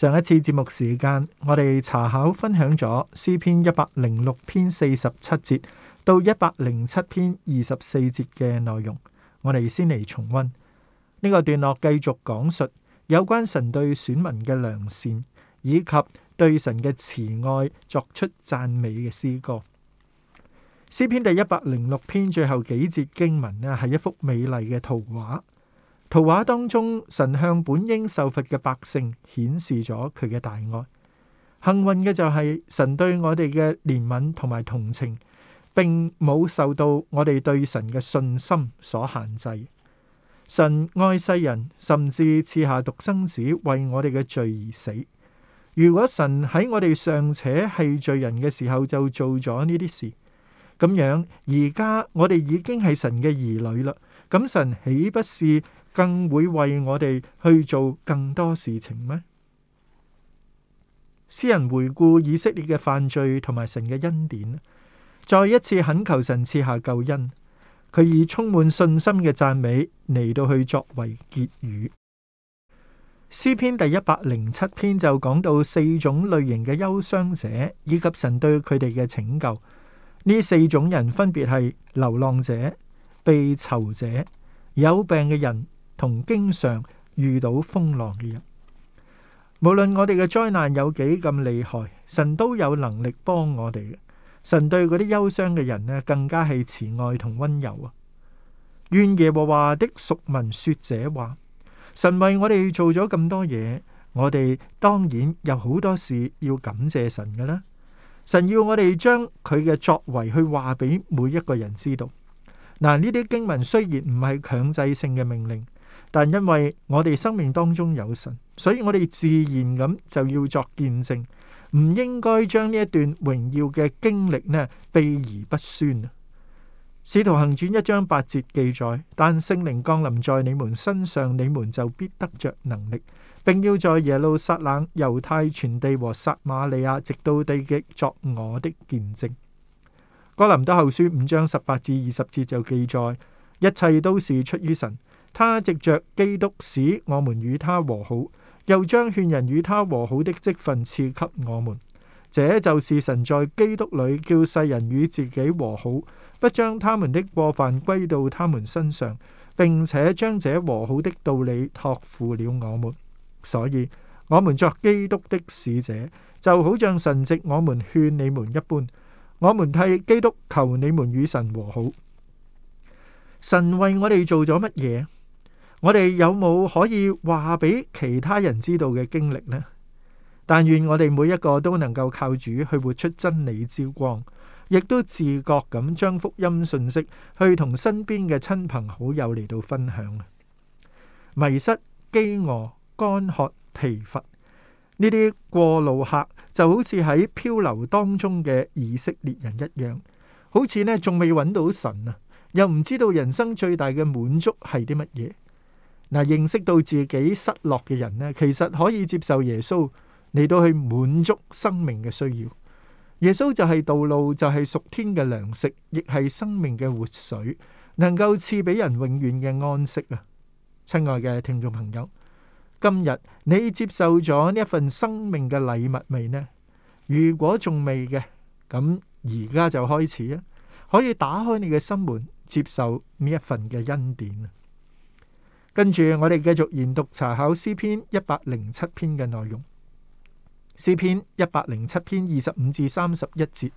上一次節目時間，我哋查考分享咗詩篇一百零六篇四十七節到一百零七篇二十四節嘅內容，我哋先嚟重溫呢個段落，繼續講述有關神對選民嘅良善以及對神嘅慈愛作出讚美嘅詩歌。詩篇第一百零六篇最後幾節經文咧，係一幅美麗嘅圖畫。圖畫當中，神向本應受罰嘅百姓顯示咗佢嘅大愛。幸運嘅就係、是、神對我哋嘅憐憫同埋同情，並冇受到我哋對神嘅信心所限制。神愛世人，甚至賜下獨生子為我哋嘅罪而死。如果神喺我哋尚且係罪人嘅時候就做咗呢啲事，咁樣而家我哋已經係神嘅兒女啦，咁神豈不是，更會為我哋去做更多事情咩？詩人回顧以色列嘅犯罪同埋神嘅恩典，再一次懇求神賜下救恩。佢以充滿信心嘅讚美嚟到去作為結語。詩篇第一百零七篇就講到四種類型嘅憂傷者，以及神對佢哋嘅拯救。呢四種人分別係流浪者、被囚者、有病嘅人，同經常遇到風浪嘅人，無論我哋嘅災難有幾咁厲害，神都有能力幫我哋嘅。神對嗰啲憂傷嘅人咧，更加係慈愛同温柔啊。願耶和華的屬民說這話。神為我哋做咗咁多嘢，我哋當然有好多事要感謝神嘅啦。神要我哋將佢嘅作為去話俾每一個人知道。嗱，呢啲經文雖然唔係強制性嘅命令。但因為我哋生命當中有神，所以我哋自然咁就要作見證，唔應該將呢一段榮耀嘅經歷呢秘而不宣啊。使徒行傳一章八節記載：但聖靈降臨在你們身上，你們就必得着能力，並要在耶路撒冷、猶太全地和撒瑪利亞，直到地極，作我的見證。哥林多後書五章十八至二十節就記載：一切都是出於神。他藉着基督使我們與他和好，又將勸人與他和好的職分賜給我們。這就是神在基督裏叫世人與自己和好，不將他們的過犯歸到他們身上，並且將這和好的道理托付了我們。所以，我們作基督的使者，就好像神藉我們勸你們一般，我們替基督求你們與神和好。神為我哋做咗乜嘢？我哋有冇可以話俾其他人知道嘅經歷呢？但願我哋每一個都能夠靠主去活出真理之光，亦都自覺咁將福音信息去同身邊嘅親朋好友嚟到分享啊！迷失、飢餓、乾渴、疲乏，呢啲過路客，就好似喺漂流當中嘅以色列人一樣，好似呢仲未揾到神啊，又唔知道人生最大嘅滿足係啲乜嘢。嗱，認識到自己失落嘅人咧，其實可以接受耶穌嚟到去滿足生命嘅需要。耶穌就係道路，就係屬天嘅糧食，亦係生命嘅活水，能夠賜俾人永遠嘅安息啊！親愛嘅聽眾朋友，今日你接受咗呢一份生命嘅禮物未呢？如果仲未嘅，咁而家就開始啊，可以打開你嘅心門，接受呢一份嘅恩典啊！跟住，我哋繼續研讀查考詩篇一百零七篇嘅內容。詩篇一百零七篇二十五至三十一節，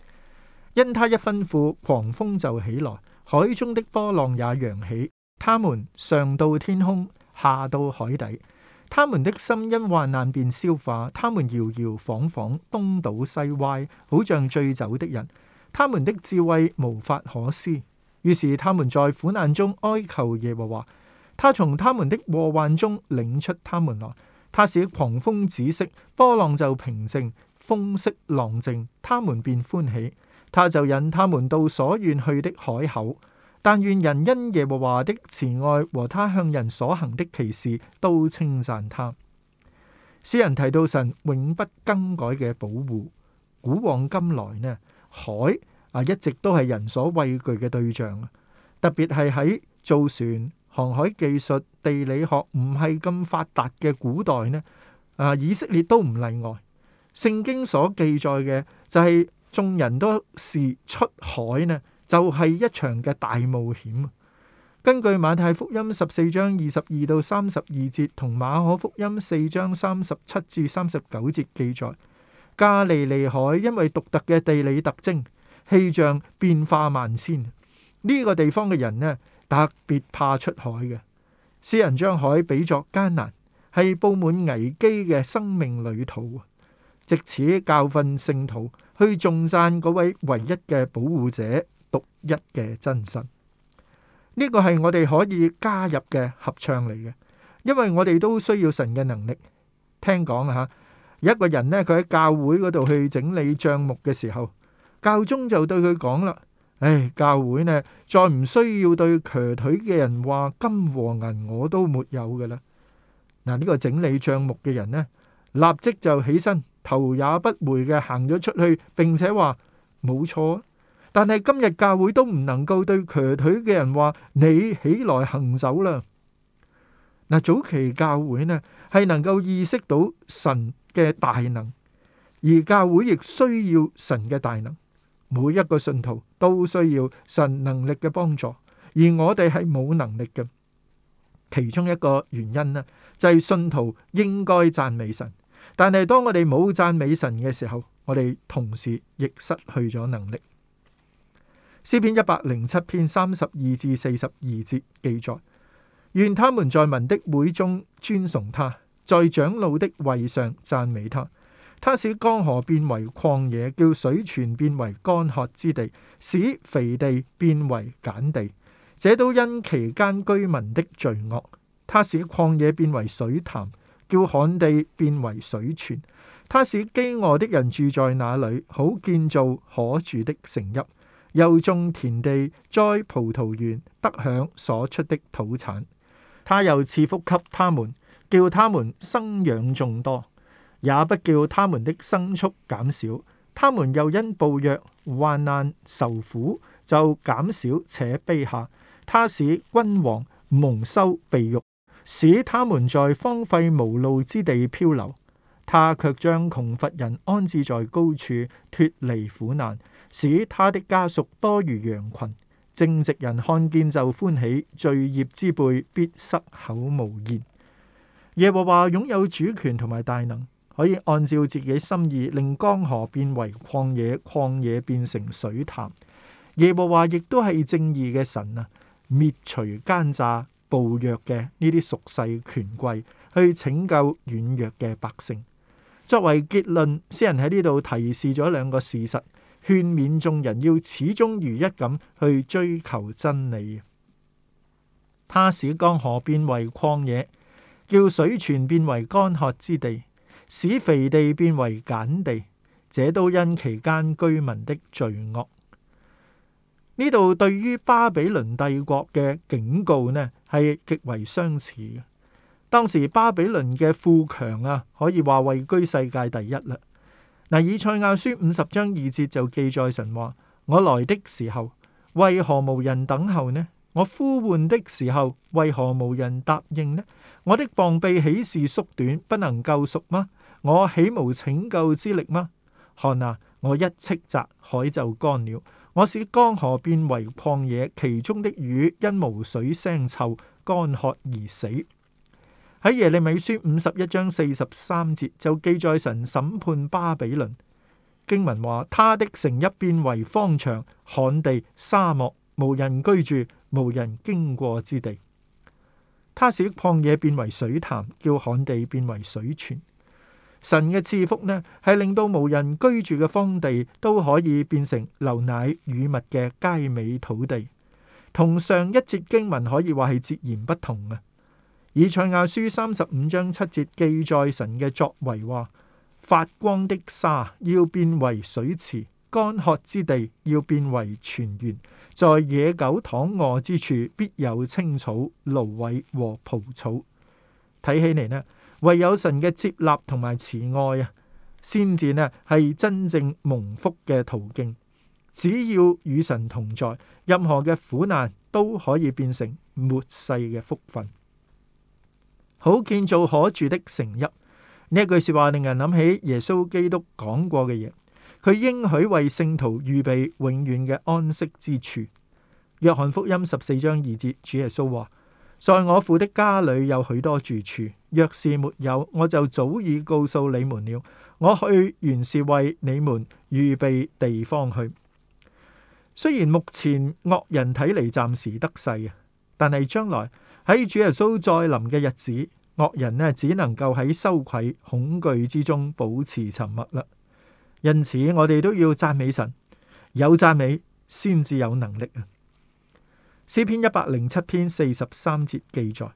因他一吩咐，狂風就起來，海中的波浪也揚起。他們上到天空，下到海底。他們的心因患難便消化，他們搖搖晃晃，東倒西歪，好像醉酒的人。他們的智慧無法可施，於是他們在苦難中哀求耶和華。他從他們的禍患中領出他們來，他使狂風止息，波浪就平靜，風息浪靜，他們便歡喜。他就引他們到所願去的海口。但願人因耶和華的慈愛和他向人所行的奇事，都稱讚他。詩人提到神永不更改嘅保護，古往今來呢，海啊一直都係人所畏懼嘅對象，特別係喺造船，航海技術、地理學唔係咁發達嘅古代呢，啊，以色列都唔例外。聖經所記載嘅就係眾人都視出海呢，就係一場嘅大冒險。根據馬太福音十四章二十二到三十二節同馬可福音四章三十七至三十九節記載，加利利海因為獨特嘅地理特徵、氣象變化萬千，呢個地方嘅人呢，特別怕出海嘅。詩人將海比作艱難，係布滿危機嘅生命旅途，借此教訓聖徒去重讚嗰位唯一嘅保護者，獨一嘅真神。呢個係我哋可以加入嘅合唱嚟嘅，因為我哋都需要神嘅能力。聽講啊，吓一個人呢，佢喺教會嗰度去整理賬目嘅時候，教宗就對佢講啦。唉，教會呢，再唔需要對瘸腿嘅人話，金和銀我都沒有嘅啦。嗱，呢個整理賬目嘅人呢，立即就起身，頭也不回嘅，行咗出去，並且話冇錯。但係今日教會都唔能夠對瘸腿嘅人話，你起來行走啦。嗱，早期教會呢，係能夠意識到神嘅大能，而教會亦需要神嘅大能。每一個信徒都需要神能力嘅幫助，而我哋係冇能力嘅。其中一個原因呢，就係信徒應該讚美神，但係當我哋冇讚美神嘅時候，我哋同時亦失去咗能力。詩篇一百零七篇三十二至四十二節記載：願他們在民的會中尊崇他，在長老的位上讚美他。他使江河變為曠野，叫水泉變為乾涸之地，使肥地變為鹼地。這都因其間居民的罪惡。他使曠野變為水潭，叫旱地變為水泉。他使飢餓的人住在那裏，好建造可住的城邑，又種田地、栽葡萄園，得享所出的土產。他又賜福給他們，叫他們生養眾多。也不叫他們的牲畜減少，他們又因暴虐、患難、受苦就減少且卑下。他使君王蒙羞被辱，使他們在荒廢無路之地漂流。他卻將窮乏人安置在高處，脫離苦難，使他的家屬多如羊群。正直人看見就歡喜，罪孽之輩必失口無言。耶和華擁有主權同埋大能。可以按照自己心意令江河變為曠野，曠野變成水潭。耶和華亦都係正義嘅神啊，滅除奸詐暴虐嘅呢啲俗世權貴，去拯救軟弱嘅百姓。作為結論，詩人喺呢度提示咗兩個事實，勸勉眾人要始終如一咁去追求真理。他使江河變為曠野，叫水泉變為乾渴之地。使肥地變為鹼地，這都因其間居民的罪惡。呢度對於巴比倫帝國嘅警告呢，係極為相似嘅。當時巴比倫嘅富強啊，可以話位居世界第一啦。嗱，《以賽亞書》五十章二節就記載神話：我來的時候為何無人等候呢？我呼喚的時候為何無人答應呢？我的膀臂豈是縮短，不能救贖嗎？我豈無拯救之力嗎？看啊，我一斥責海就乾了。我使江河變為曠野，其中的魚因無水腥臭乾渴而死。喺耶利米書五十一章四十三節就記載神審判巴比倫經文話：他的城邑變為荒場、旱地、沙漠，無人居住、無人經過之地。他使曠野變為水潭，叫旱地變為水泉。神嘅賜福呢，係令到無人居住嘅荒地都可以變成流奶與蜜嘅佳美土地，同上一節經文可以話係截然不同啊！以賽亞書三十五章七節記載神嘅作為話：發光的沙要變為水池，乾涸之地要變為泉源，在野狗躺卧之處必有青草、蘆葦和蒲草。睇起嚟呢？唯有神嘅接納同埋慈愛啊，先至咧係真正蒙福嘅途徑。只要與神同在，任何嘅苦難都可以變成末世嘅福分。好建造可住的城邑呢一句說話，令人諗起耶穌基督講過嘅嘢，佢應許為聖徒預備永遠嘅安息之處。約翰福音十四章二節，主耶穌話在我父的家裡有許多住處，若是沒有，我就早已告訴你們了。我去原是為你們預備地方去。雖然目前惡人睇嚟暫時得勢啊，但係將來喺主耶穌再臨嘅日子，惡人呢只能夠喺羞愧恐懼之中保持沉默啦。因此，我哋都要讚美神，有讚美先至有能力。詩篇一百零七篇四十三節記載：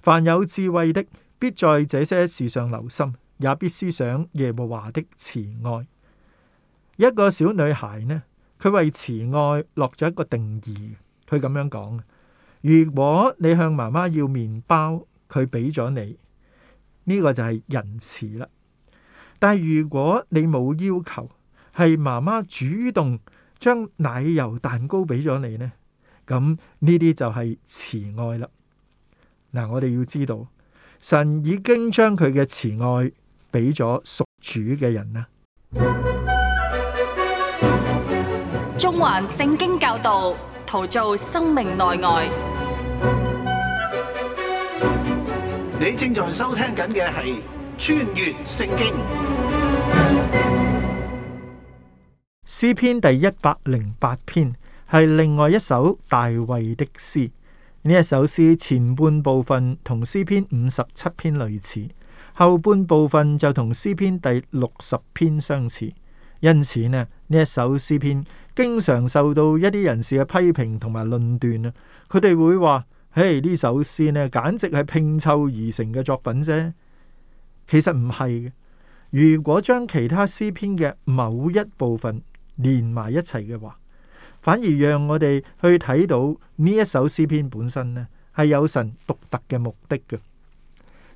凡有智慧的，必在這些事上留心，也必思想耶和華的慈愛。一個小女孩呢，佢為慈愛落咗一個定義。佢咁樣講：如果你向媽媽要面包，佢俾咗你，呢個就係仁慈啦。但係如果你冇要求，係媽媽主動將奶油蛋糕俾咗你呢？咁呢啲就係慈愛啦。嗱，我哋要知道，神已經將佢嘅慈愛俾咗屬主嘅人啦。中環聖經教導，陶造生命內外。你正在收聽緊嘅係《穿越聖經》詩篇第一百零八篇。係另外一首大衛的詩，呢一首詩前半部分同詩篇五十七篇類似，後半部分就同詩篇第六十篇相似。因此呢，呢一首詩篇經常受到一啲人士嘅批評同埋論斷啊。佢哋會話：嘿，呢首詩呢，簡直係拼湊而成嘅作品啫。其實唔係嘅。如果將其他詩篇嘅某一部分連埋一齊嘅話，反而讓我哋去睇到呢一首詩篇本身呢，係有神獨特嘅目的嘅。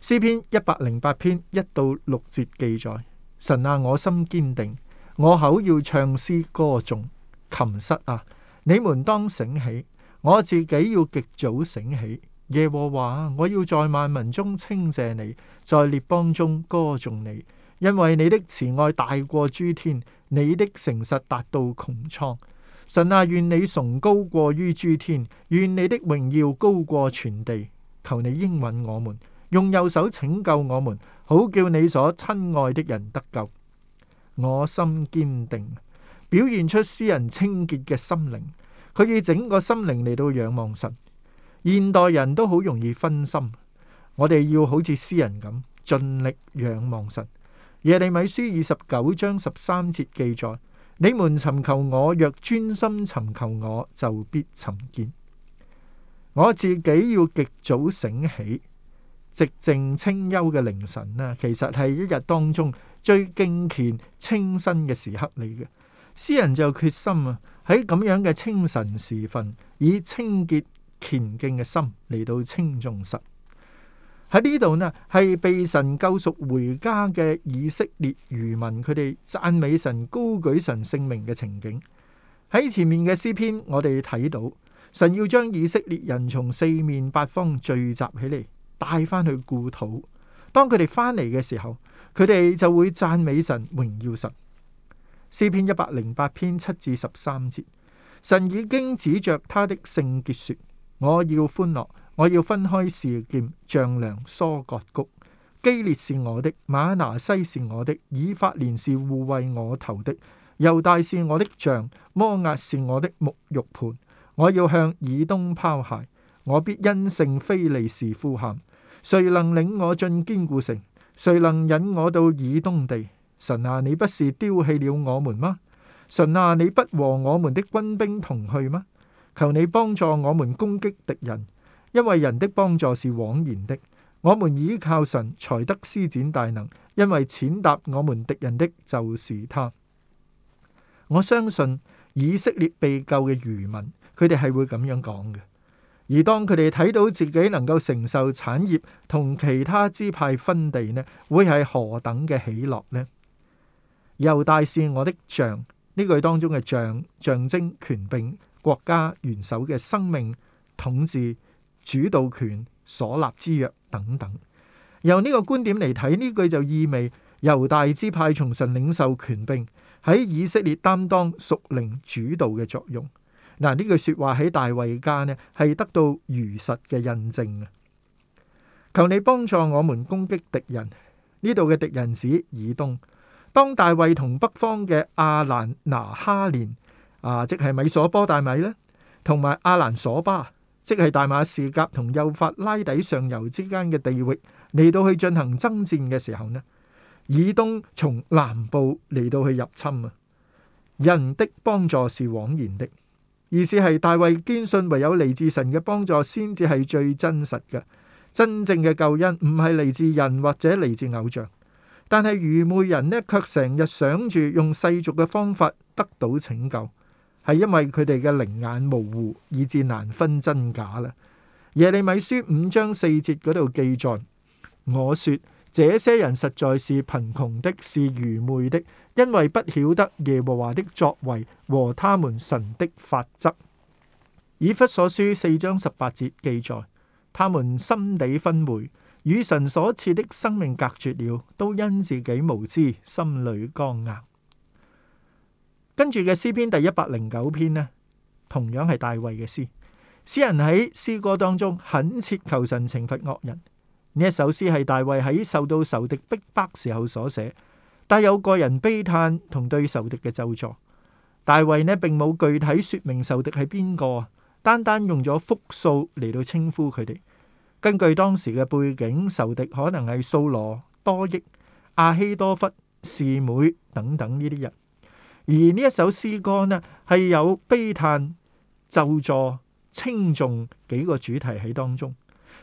詩篇一百零八篇一到六節記載：神啊，我心堅定，我口要唱詩歌頌。琴瑟啊，你們當醒起，我自己要極早醒起。耶和華我要在萬民中稱謝你，在列邦中歌頌你，因為你的慈愛大過諸天，你的誠實達到穹蒼。神啊，願你崇高過於諸天，願你的榮耀高過全地。求你應允我們，用右手拯救我們，好叫你所親愛的人得救。我心堅定，表現出詩人清潔嘅心靈。佢以整個心靈嚟到仰望神。現代人都好容易分心，我哋要好似詩人咁盡力仰望神。耶利米書二十九章十三節記載。你們尋求我，若專心尋求我，就必尋見。我自己要極早醒起，寂靜清幽嘅凌晨啊，其實係一日當中最敬虔，清新嘅時刻嚟嘅。詩人就決心啊，喺咁樣嘅清晨時分，以清潔乾淨嘅心嚟到清眾室。喺呢度呢，係被神救贖回家嘅以色列餘民，佢哋讚美神、高舉神聖名嘅情景。喺前面嘅詩篇，我哋睇到神要將以色列人從四面八方聚集起嚟，帶翻去故土。當佢哋翻嚟嘅時候，佢哋就會讚美神、榮耀神。詩篇一百零八篇七至十三節，神已經指着他的聖潔說：我要歡樂。我要分開示劍丈量疏割谷，基列是我的，瑪拿西是我的，以法蓮是護衛我頭的，猶大是我的杖，摩押是我的沐浴盆。我要向以東拋鞋，我必因勝非利士呼喊。誰能領我進堅固城？誰能引我到以東地？神啊，你不是丟棄了我們嗎？神啊，你不和我們的軍兵同去嗎？求你幫助我們攻擊敵人。因為人的幫助是枉然的，我們倚靠神才得施展大能。因為踐踏我們敵人的就是他。我相信以色列被救嘅餘民，佢哋係會咁樣講嘅。而當佢哋睇到自己能夠承受產業同其他支派分地呢，會係何等嘅喜樂呢？猶大是我的杖，呢句當中嘅杖，象徵權柄、國家元首嘅生命統治。主導權、所立之約等等，由呢個觀點嚟睇，呢句就意味猶大支派從神領受權柄，喺以色列擔當屬靈主導嘅作用。嗱，句呢句說話喺大衛家呢係得到如實嘅印證。求你幫助我們攻擊敵人，呢度嘅敵人指以東。當大衛同北方嘅亞蘭拿哈連啊，即係米所波大米咧，同埋亞蘭所巴。即係大馬士革同幼發拉底上游之間嘅地域嚟到去進行爭戰嘅時候呢，以東從南部嚟到去入侵啊！人的幫助是枉然的，意思係大衛堅信唯有嚟自神嘅幫助先至係最真實嘅，真正嘅救恩唔係嚟自人或者嚟自偶像。但係愚昧人呢，卻成日想住用世俗嘅方法得到拯救。係因為佢哋嘅靈眼模糊，以至難分真假啦。耶利米書五章四節嗰度記載：我說這些人實在是貧窮的，是愚昧的，因為不曉得耶和華的作為和他們神的法則。以弗所書四章十八節記載：他們心地昏昧，與神所賜的生命隔絕了，都因自己無知，心裏剛硬。跟住嘅詩篇第一百零九篇呢，同樣係大衛嘅詩。詩人喺詩歌當中懇切求神懲罰惡人。呢一首詩係大衛喺受到仇敵逼迫時候所寫，帶有個人悲嘆同對仇敵嘅咒詛。大衛呢，並冇具體說明仇敵係邊個，單單用咗複數嚟到稱呼佢哋。根據當時嘅背景，仇敵可能係掃羅、多益、亞希多弗、示每等等呢啲人。而呢一首詩歌咧，係有悲嘆、咒詛、稱頌幾個主題喺當中。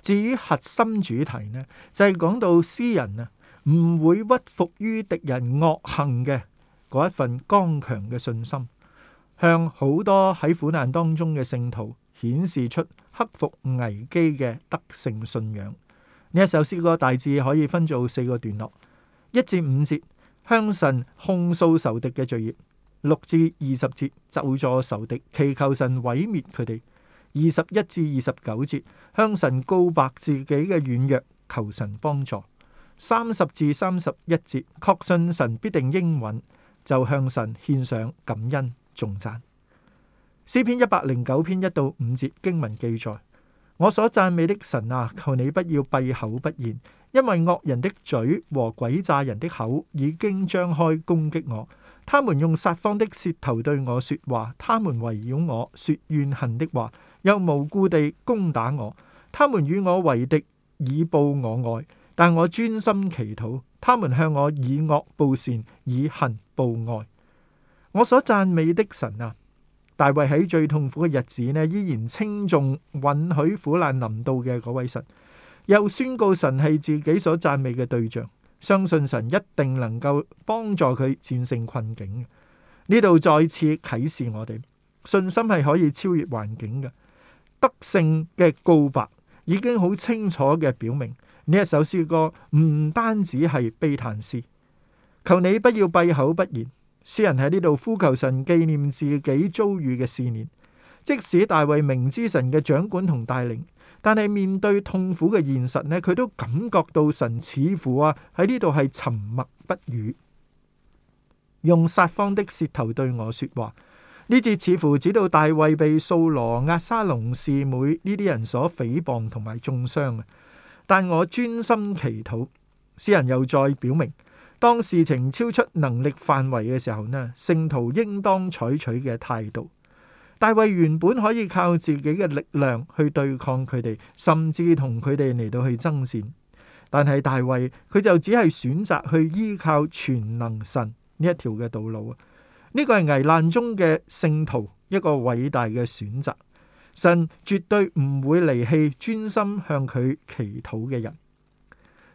至於核心主題咧，就係講到詩人啊，唔會屈服於敵人惡行嘅嗰一份剛強嘅信心，向好多喺苦難當中嘅聖徒顯示出克服危機嘅得勝信仰。呢一首詩歌大致可以分做四個段落，一至五節向神控訴仇敵嘅罪孽。六至二十節，咒助仇敵，祈求神毀滅佢哋。二十一至二十九節，向神告白自己嘅軟弱，求神幫助。三十至三十一節，確信神必定應允，就向神獻上感恩頌讚。詩篇一百零九篇一到五節經文記載：我所讚美的神啊，求你不要閉口不言，因為惡人的嘴和詭詐人的口已經張開攻擊我。他們用撒謊的舌頭對我說話，他們圍繞我說怨恨的話，又無故地攻打我。他們與我為敵，以報我愛。但我專心祈禱，他們向我以惡報善，以恨報愛。我所讚美的神啊，大衛喺最痛苦嘅日子呢，依然稱頌允許苦難臨到嘅嗰位神，又宣告神係自己所讚美嘅對象。相信神一定能夠幫助佢戰勝困境。呢度再次啟示我哋，信心係可以超越環境嘅。得勝嘅告白已經好清楚嘅表明，呢一首詩歌唔單止係悲嘆詩，求你不要閉口不言。詩人喺呢度呼求神紀念自己遭遇嘅思念，即使大衛明知神嘅掌管同帶領。但係面對痛苦嘅現實呢，佢都感覺到神似乎啊喺呢度係沉默不語，用撒謊的舌頭對我說話。呢節似乎指到大衛被掃羅、押沙龍、士妹呢啲人所誹謗同埋中傷啊！但我專心祈禱。詩人又再表明，當事情超出能力範圍嘅時候呢，聖徒應當採取嘅態度。大衛原本可以靠自己嘅力量去對抗佢哋，甚至同佢哋嚟到去爭戰，但係大衛佢就只係選擇去依靠全能神呢一條嘅道路啊！呢、這個係危難中嘅聖徒一個偉大嘅選擇。神絕對唔會離棄專心向佢祈禱嘅人。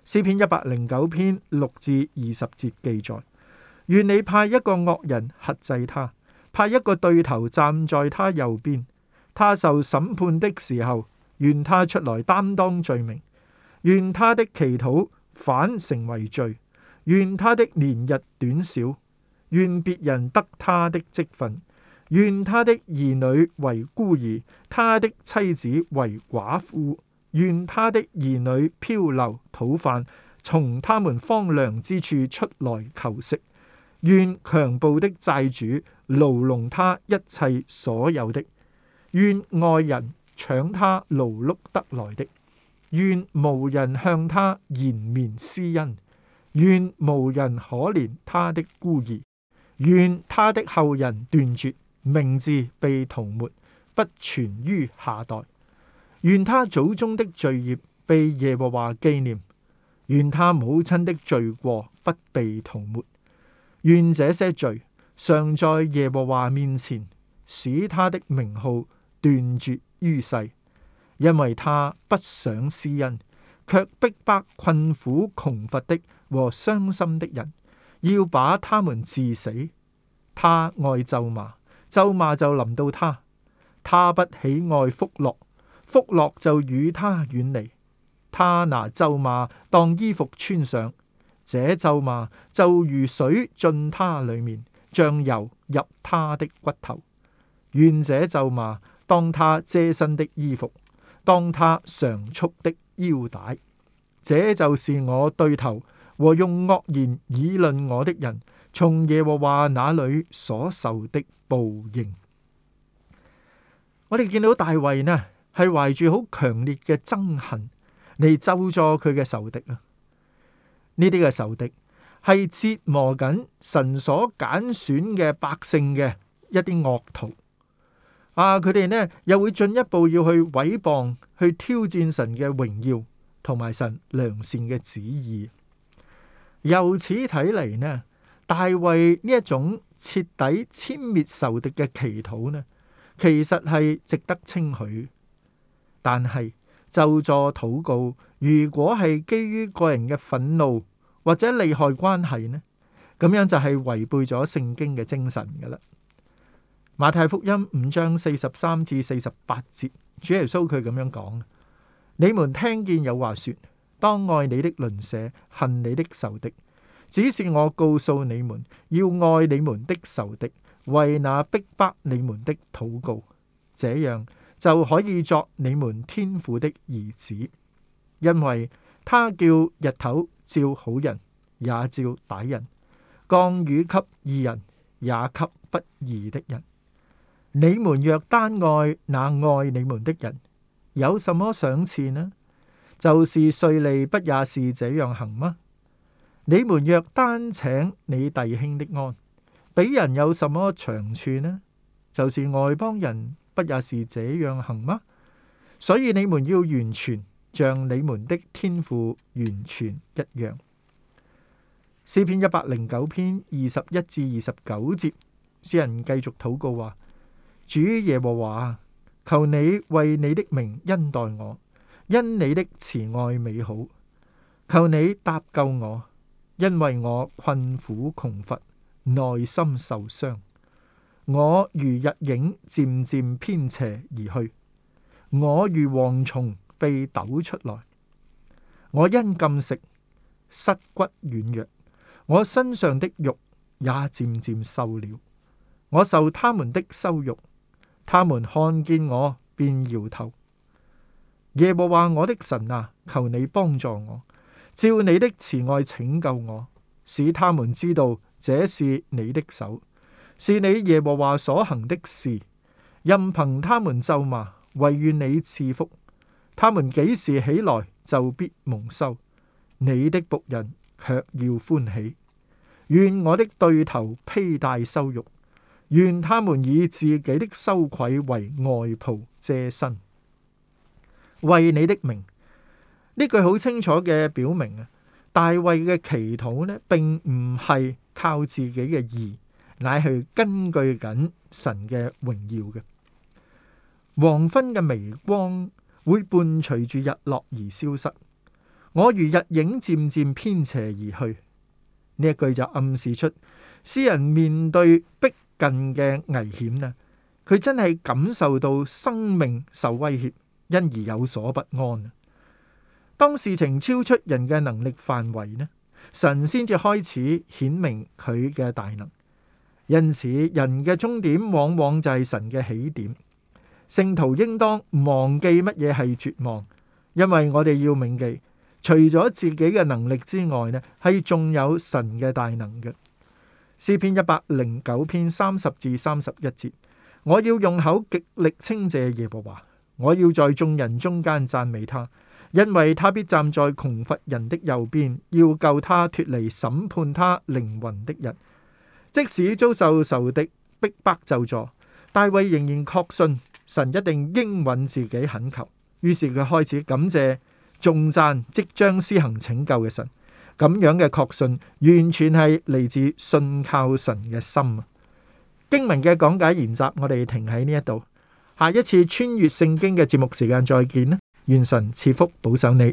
詩篇一百零九篇六至二十節記載：願你派一個惡人轄制他。派一個對頭站在他右邊，他受審判的時候，願他出來擔當罪名；願他的祈禱反成為罪；願他的年日短少；願別人得他的職分；願他的兒女為孤兒，他的妻子為寡婦；願他的兒女漂流討飯，從他們荒涼之處出來求食。願強暴的債主牢籠他一切所有的，願外人搶他勞碌得來的，願無人向他延綿施恩，願無人可憐他的孤兒，願他的後人斷絕，名字被塗抹，不存於下代。願他祖宗的罪孽被耶和華紀念，願他母親的罪過不被塗抹。願這些罪常在耶和華面前，使他的名號斷絕於世，因為他不想施恩，卻逼迫困苦窮乏的和傷心的人，要把他們治死。他愛咒罵，咒罵就臨到他；他不喜愛福樂，福樂就與他遠離。他拿咒罵當衣服穿上。這咒罵就如水進他裏面，像油入他的骨頭；願這咒罵，當他遮身的衣服，當他常束的腰帶。這就是我對頭和用惡言議論我的人，從耶和華那裏所受的報應。我哋見到大衛呢，係懷住好強烈嘅憎恨嚟咒詛佢嘅仇敵啊！呢啲嘅仇敵係折磨緊神所揀選嘅百姓嘅一啲惡徒，啊！佢哋呢又會進一步要去毀謗、去挑戰神嘅榮耀同埋神良善嘅旨意。由此睇嚟呢，大衛呢一種徹底殲滅仇敵嘅祈禱呢，其實係值得稱許，但係。就詛禱告，如果係基於個人嘅憤怒或者利害關係呢，咁樣就係違背咗聖經嘅精神噶啦。馬太福音五章四十三至四十八節，主耶穌佢咁樣講：「你們聽見有話説，當愛你的鄰舍，恨你的仇敵。只是我告訴你們，要愛你們的仇敵，為那逼迫你們的禱告。這樣，就可以作你們天父的兒子，因為他叫日頭照好人也照歹人，降雨給義人也給不義的人。你們若單愛那愛你們的人，有什麼賞賜呢？就是稅吏不也是這樣行嗎？你們若單請你弟兄的安，比人有什麼長處呢？就是外邦人。不也是這樣行嗎？所以你們要完全像你們的天父完全一樣。詩篇一百零九篇二十一至二十九節，詩人繼續禱告話：主耶和華，求你為你的名恩待我，因你的慈愛美好，求你搭救我，因為我困苦窮乏，內心受傷。我如日影漸漸偏斜而去，我如蝗蟲被抖出來。我因禁食膝骨軟弱，我身上的肉也漸漸瘦了。我受他們的羞辱，他們看見我便搖頭。耶和華我的神啊，求你幫助我，照你的慈愛拯救我，使他們知道這是你的手。是你耶和華所行的事，任憑他們咒罵，唯願你賜福。他們幾時起來，就必蒙羞。你的僕人卻要歡喜，願我的對頭披戴羞辱，願他們以自己的羞愧為外袍遮身。為你的名，呢句好清楚嘅表明啊！大衛嘅祈禱呢，並唔係靠自己嘅義。乃係根據緊神嘅榮耀嘅黃昏嘅微光，會伴隨住日落而消失。我如日影漸漸偏斜而去呢一句就暗示出，詩人面對逼近嘅危險呢，佢真係感受到生命受威脅，因而有所不安。當事情超出人嘅能力範圍呢，神先至開始顯明佢嘅大能。因此，人嘅終點往往就係神嘅起點。聖徒應當忘記乜嘢係絕望，因為我哋要銘記，除咗自己嘅能力之外，呢係仲有神嘅大能嘅。詩篇一百零九篇三十至三十一節：我要用口極力稱謝耶和華，我要在眾人中間讚美他，因為他必站在窮乏人的右邊，要救他脫離審判他靈魂的人。即使遭受仇敵逼迫就坐，大衛仍然確信神一定應允自己懇求。於是佢開始感謝、頌讚即將施行拯救嘅神。咁樣嘅確信完全係嚟自信靠神嘅心。經文嘅講解研習，我哋停喺呢一度。下一次穿越聖經嘅節目時間再見啦！願神賜福保守你。